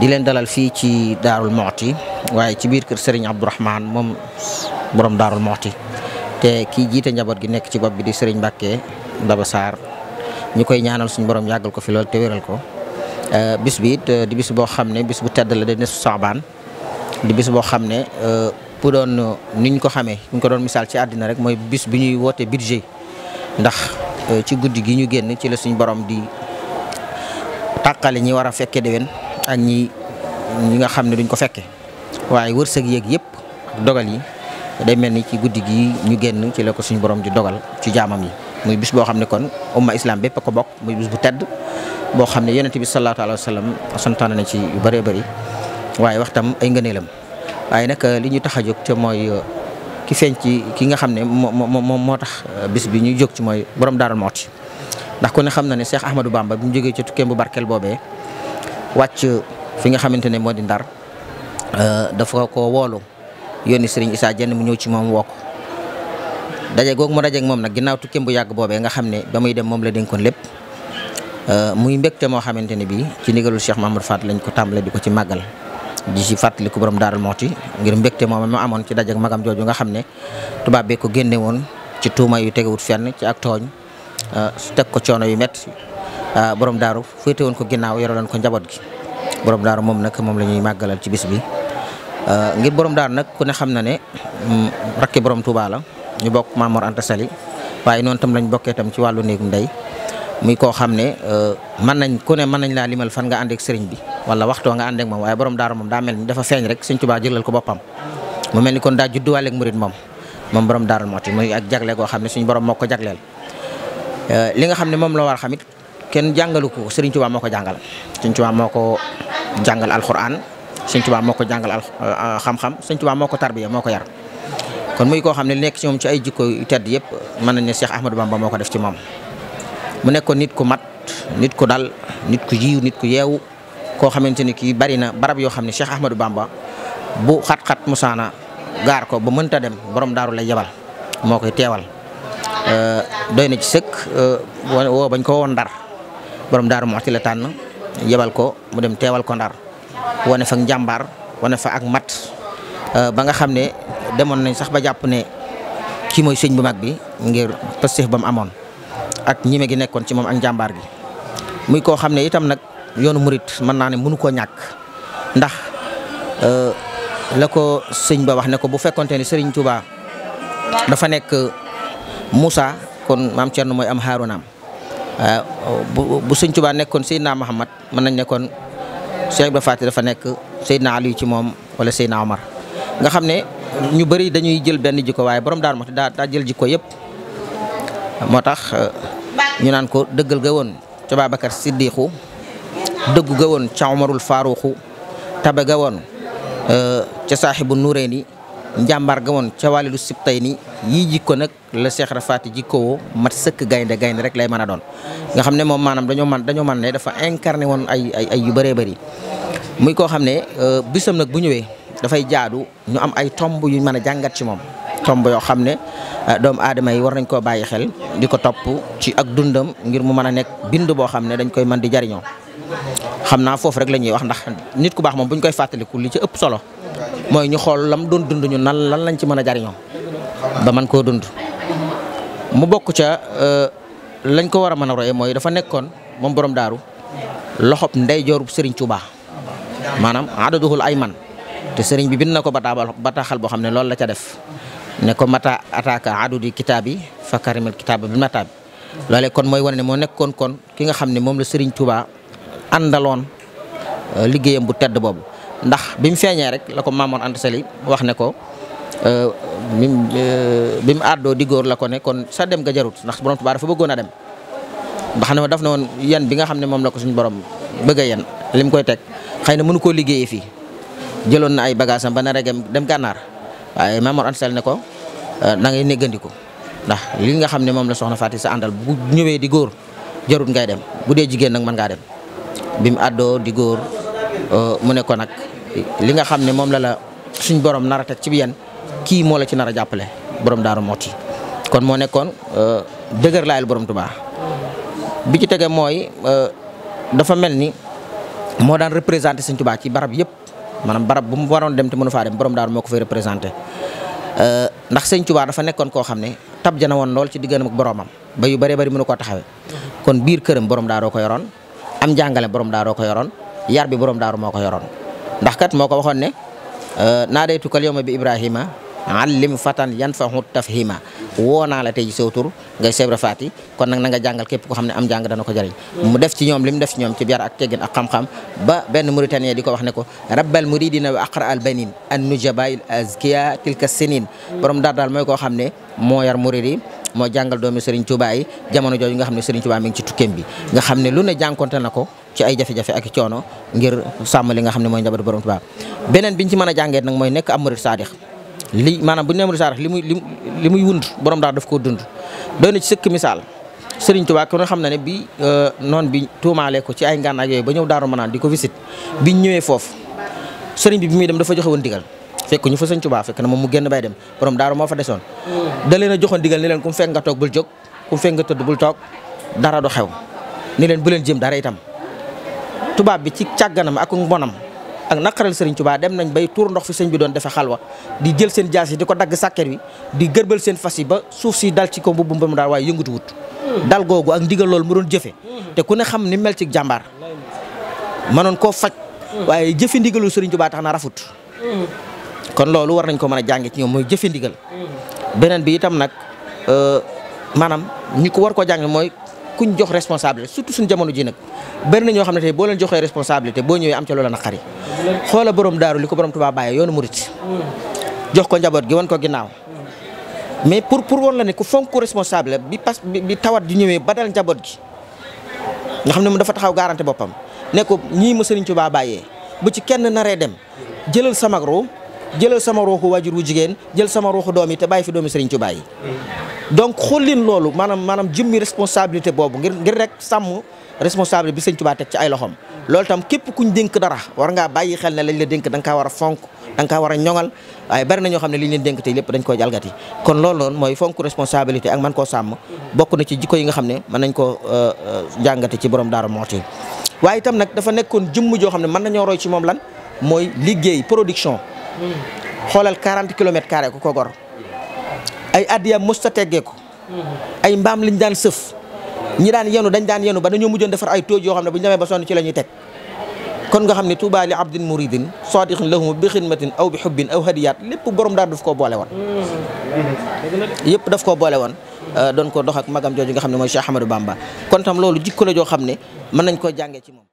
di leen dalal fii ci Daarul Moxti waaye ci biir kër Serigne Abdourahmane moom boroom Daarul Moxti te kii jiite njaboot gi nekk ci bopp bi di sëriñ Mbacke Daba Sarr ñu koy ñaanal suñu borom yàggal ko fi lool te wéral ko euh, bis bi it euh, di bis boo xam ne bis bu tedd la de nesu saabaan di bis boo xam ne bu euh, doon niñ ko xamee buñ ko doon misaal ci àddina rek mooy bis bi ñuy woote budget ndax ci guddi gi ñu génn ci la suñu boroom di tàqale ñi war a fekkee déwén ak ñi ñi nga xam ne duñ ko fekke waaye wërsëg yéeg yëpp dogal yi day mel ni ci guddi gi ñu génn ci lekk ko suñu borom di dogal ci jaamam yi muy bis boo xam ne kon umma islam bépp ko bokk muy bis bu tedd boo xam ne yonent bi sallallahu alayhi wa santaane na ci yu bëree bëri waaye waxtam ay ngëneelam waaye nag li ñu tax a jóg te mooy ki feeñ ci ki nga xam ne moo moo tax euh, bis bi ñuy jog ci mooy borom Daaru Muxti ndax ku xam na ne Cheikh Ahmadou Bamba bu mu jógee ci tukkeem bu barkeel boobee wàcc fi nga xamante ne moo di ndar euh, dafa ko woolu yónni Serigne Issa jenn mu ñëw ci moom woo ko daje googu mu dajeeg moom na ginnaaw tukkeem bu yàgg boobee nga xam ne ba muy dem moom la dénkoon lépp euh, muy mbégte moo xamante ne bii ci ndigalul Cheikh Mamadou Faat lañ ko tàmbale di ko ci màggal di ci fàttaliku borom daaral moxti ngir mbégte moom amoon ci dajeeg magam jooju nga xam ne tubaab bee ko génne woon ci tuuma yu tegewut fenn ci ak tooñ euh, teg ko coono yu métti Ah, borom daaru féete woon ko ginnaaw yoraloon ko njaboot gi borom daaru moom nag moom la ñuy màggalal ci bis bi. Ah, ngir borom daaru nag ku ne xam na ne mm, rakki borom Touba la ñu bokk Mamor Anta Sali waaye noonu tam lañ bokkee tam ci wàllu néegum ndey muy koo xam ne ah, mën nañ ku ne mën nañ laa limal fan nga ànd ak sëriñ wala waxtoo nga ànd ak moom waaye borom daaru moom daa mel ni dafa feeñ rek sëñ Touba jëlal ko boppam mu mel ni kon daa judduwaale ak murid moom moom borom daaru moo ti muy ak jagle goo xam ne suñu borom moo ko jagleel li xam ne moom la war xamit kenn jàngalu ko Serigne Touba moo ko jàngal Serigne Touba moo ko jàngal alxuraan Serigne Touba moo ko jàngal al euh, xam-xam Serigne Touba moo ko tarbiya moo ko yar. kon muy koo xam ne nekk ci moom ci ay jikko yu tedd yëpp mën nañ ne Cheikh Ahmadou Bamba moo ko def ci moom mu nekkoon nit ku mat nit ku dal nit ku yiw nit ku yeewu koo xamante ni kii bari na barab yoo xam ne Cheikh Ahmadou Bamba bu xat-xat musaana gaar ko ba mënta dem borom daaru lay yebal moo koy teewal euh, doy na ci sëkk euh, woo bañ ko woon borom daaru Muxti la tànn yebal ko mu dem teewal ko ndar wane fa njàmbaar wane fa ak mat euh, ba nga xam ne demoon nañ sax ba jàpp ne kii mooy sëñ bu mag bi ngir pëstëf ba mu amoon ak ñime gi nekkoon ci moom ak njàmbaar gi. muy koo xam ne itam nag yoonu murit mën naa ne mënu koo ñàkk ndax euh, la ko sëñ ba wax ne ko bu fekkonte sëriñ Serigne Touba dafa nekk Moussa kon maam Thierno mooy am Harounaam. Eh, bu bu Sëñ Tuubaa nekkoon Seydina Muhammad mën nañ nekkoon Cheikh Ibra Faty dafa nekk Seydina Aliou ci moom wala Seydina Omar nga xam ne ñu bëri dañuy jël benn jikko waaye borom Daaru Muxti daa daa jël jikko yëpp moo tax eh, ñu naan ko dëggal ga woon ca Babacar Siddiqu dëggu ga woon ca Umarul Faaruqu tabe ga woon eh, ca saaxibu Nuureeni njàmbaar ga woon ca wàllu sib tay ni yii jikko nag la Cheikh Rafaati jikkowoo mat sëkk gaynde gaynde rek lay mën a doon nga xam ne moom maanaam dañoo man dañoo man ne dafa incarné woon ay ay ay yu bëree bëri muy koo xam ne euh, bisam nag bu ñëwee dafay jaadu ñu am ay tomb yu mën a jàngat ci moom tomb yoo xam ne euh, doom aadama yi war nañ koo bàyyi xel di ko topp ci ak dundam ngir mu mën a nekk bind boo xam ne dañ koy mën di jariñoo xam naa foofu rek la ñuy wax ndax nit ku baax moom bu ñu koy fàttaliku li ci ëpp solo mooy ñu xool lam doon dund ñu nan lan lañ ci mën a jariñoo ba man koo dund mu bokk ca euh, lañ ko war a mën a roye mooy dafa nekkoon moom borom daaru loxob ndeyjoorub Serigne Touba maanaam adaduhul ay man te Serigne bi bind na ko bataabal bataaxal boo xam ne loolu la ca def ne ko mata ataaka adudi kitaab yi fa karimal kitaab bi mataab loolee kon mooy wane moo nekkoon kon ki nga xam ne moom la Serigne Touba àndaloon euh, liggéeyam bu tedd boobu. ndax bi mu feeñee rek la ko Mamour Anta Sali wax ne ko euh, bi mu euh, bi mu àddoo di góor la ko ne kon sa dem nga jarut ndax borom Tuubaa dafa bëggoon a dem. ba xam ne daf na woon yan bi nga xam ne moom la ko suñu borom bëgg a li mu koy teg xëy na mënu koo liggéeyee fii jëloon na ay bagages ba na regem dem gànnaar waaye Mamour Anta Sali ne ko euh, na ngay néggandiku ndax li nga xam ne moom la soxna Faati sa àndal bu ñëwee di góor jarut ngay dem bu dee jigéen nag mën ngaa dem bi mu àddoo Euh, mu nekkoon ko nag li nga xam ne moom la la suñ borom nar a ci biyen kii moo la ci nar a jàppale borom moo ti kon moo nekkoon euh, dëgër laayal borom tubaa bi ci tege mooy euh, dafa mel ni moo daan représenté suñ tubaa ci barab yëpp maanaam barab bu mu waroon dem te mënu faa dem borom daaru moo ko fay représenté ndax sëñ Tuubaa dafa nekkoon koo xam ne tab jana woon lool ci digganam ak boromam ba yu bëree bëri mënu koo taxawee kon biir këram borom daaroo ko yoroon am jàngale borom daaroo yar bi borom daaru moo ko yoroon ndax kat moo ko waxoon ne euh, naa day tukkal yow ma bi Ibrahima allim fatan yan fahu tafhima woo naa la tey ji sawtur ngay sebra faati kon nag na nga jàngal képp ko xam ne am jàng dana ko jëriñ mu def ci mu def ci ñoom ci yar ak teggin ak xam-xam ba benn mauritanien di ko wax ne ko rabbal muridina wa aqra al banin an nujaba il azkiya tilka sinin borom daar daal mooy koo xam ne moo yar murid moo jàngal doomi Serigne Touba yi jamono jooju nga xam ne Serigne Touba mi ngi ci tukkeem bi nga xam ne lu ne jànkonte na ko ci ay jafe-jafe ak coono ngir sàmm li nga xam ne mooy njabootu borom Tuubaa beneen biñ ci mën a jàngee nag mooy nekk ab murid saadix li maanaam bu ñu nee murid saadix li muy li muy wund borom daal daf koo dund doo na ci sëkk misaal Sëriñ Tuubaa ko xam na ne bi euh, noon bi tuumaale ko ci ay ngaan ak ba ñëw Daaru Manaan di ko visite bi ñëwee foofu sëriñ bi bi muy dem dafa joxe woon digal fekk ñu fa Sëriñ Tuubaa fekk na moom mu génn bay dem borom daaru moo fa desoon da leen a joxoon digal ni leen mu fekk nga toog bul jóg ku mu fekk nga tëdd bul toog dara du xew ni leen bu leen jëm dara itam tubaab bi ci càgganam ak mbonam ak naqaral sëriñ Tuubaa dem nañ bay tuur ndox fi sëñ bi doon defe xalwa di jël seen jaas yi di ko dagg sàkket wi di gërbal seen fas yi ba suuf si dal ci ko mbubb ba mu daal waaye yëngatu dal googu ak ndigal loolu mu doon jëfe te ku ne xam ni mel ci jàmbaar mënoon koo faj waaye jëfe ndigalul sëriñ Tuubaa tax na rafut kon loolu war nañ ko mën a jànge ci ñoom mooy jëfe ndigal beneen bi itam nag euh, maanaam ñu ko war koo jàng mooy kuñ jox responsabilité surtout suñ jamono ji nag bari na ñoo xam ne tey boo leen joxee responsabilité boo ñëwee am ca loola naqari xoola borom daaru li ko borom Tuubaa bàyyee yoonu murit jox ko njaboot gi wan ko ginnaaw mais pour pour woon la ne ku fonk responsable bi pas bi tawat di ñëwee ba dal njaboot gi nga xam ne mu dafa taxaw garanti boppam ne ko ñii ma Sëriñ Tuubaa bàyyee bu ci kenn naree dem jëlal samagro jëlal sama ruuxu waajur wu jigéen jël sama ruuxu doom yi te bàyyi fi doomi Serigne Touba yi donc xullin loolu maanaam maanaam jëmmi responsabilité boobu ngir ngir rek sàmm responsabilité bi Serigne Touba teg ci ay loxoom loolu tam képp ku ñu dënk dara war ngaa bàyyi xel ne lañ la dénk da nga kaa war a fonk da nga kaa war a ñoŋal waaye bari na ñoo xam ne li ñu leen dénk lépp dañ koo jalgati kon lool noonu mooy fonk responsabilité ak man koo sàmm bokk na ci jikko yi nga xam ne mën nañ koo euh, euh, jàngate ci borom Daaru Muxti waaye itam nag dafa nekkoon jëmm joo xam ne mën nañoo roy ci moom lan mooy liggéey production xoolal 40 kilomètres carré ku ko gor ay addiya mosta teggeeku ay mbaam lañ daan sëf ñi daan yenu dañ daan yenu ba dañoo mujjoon defar ay tóoj yoo xam ne bu ñu demee ba sonn ci la ñuy teg kon nga xam ne tuuba li abdin muridin sadiqin lahum bi xidmatin aw bi xubbin aw hadiyaat lépp borom daal daf koo boole woon yëpp daf koo boole woon euh, doon ko dox ak magam jooju nga xam ne mooy Cheikh Ahmadou Bamba kon tam loolu jikko la joo xam ne mën nañ koo jàngee ci moom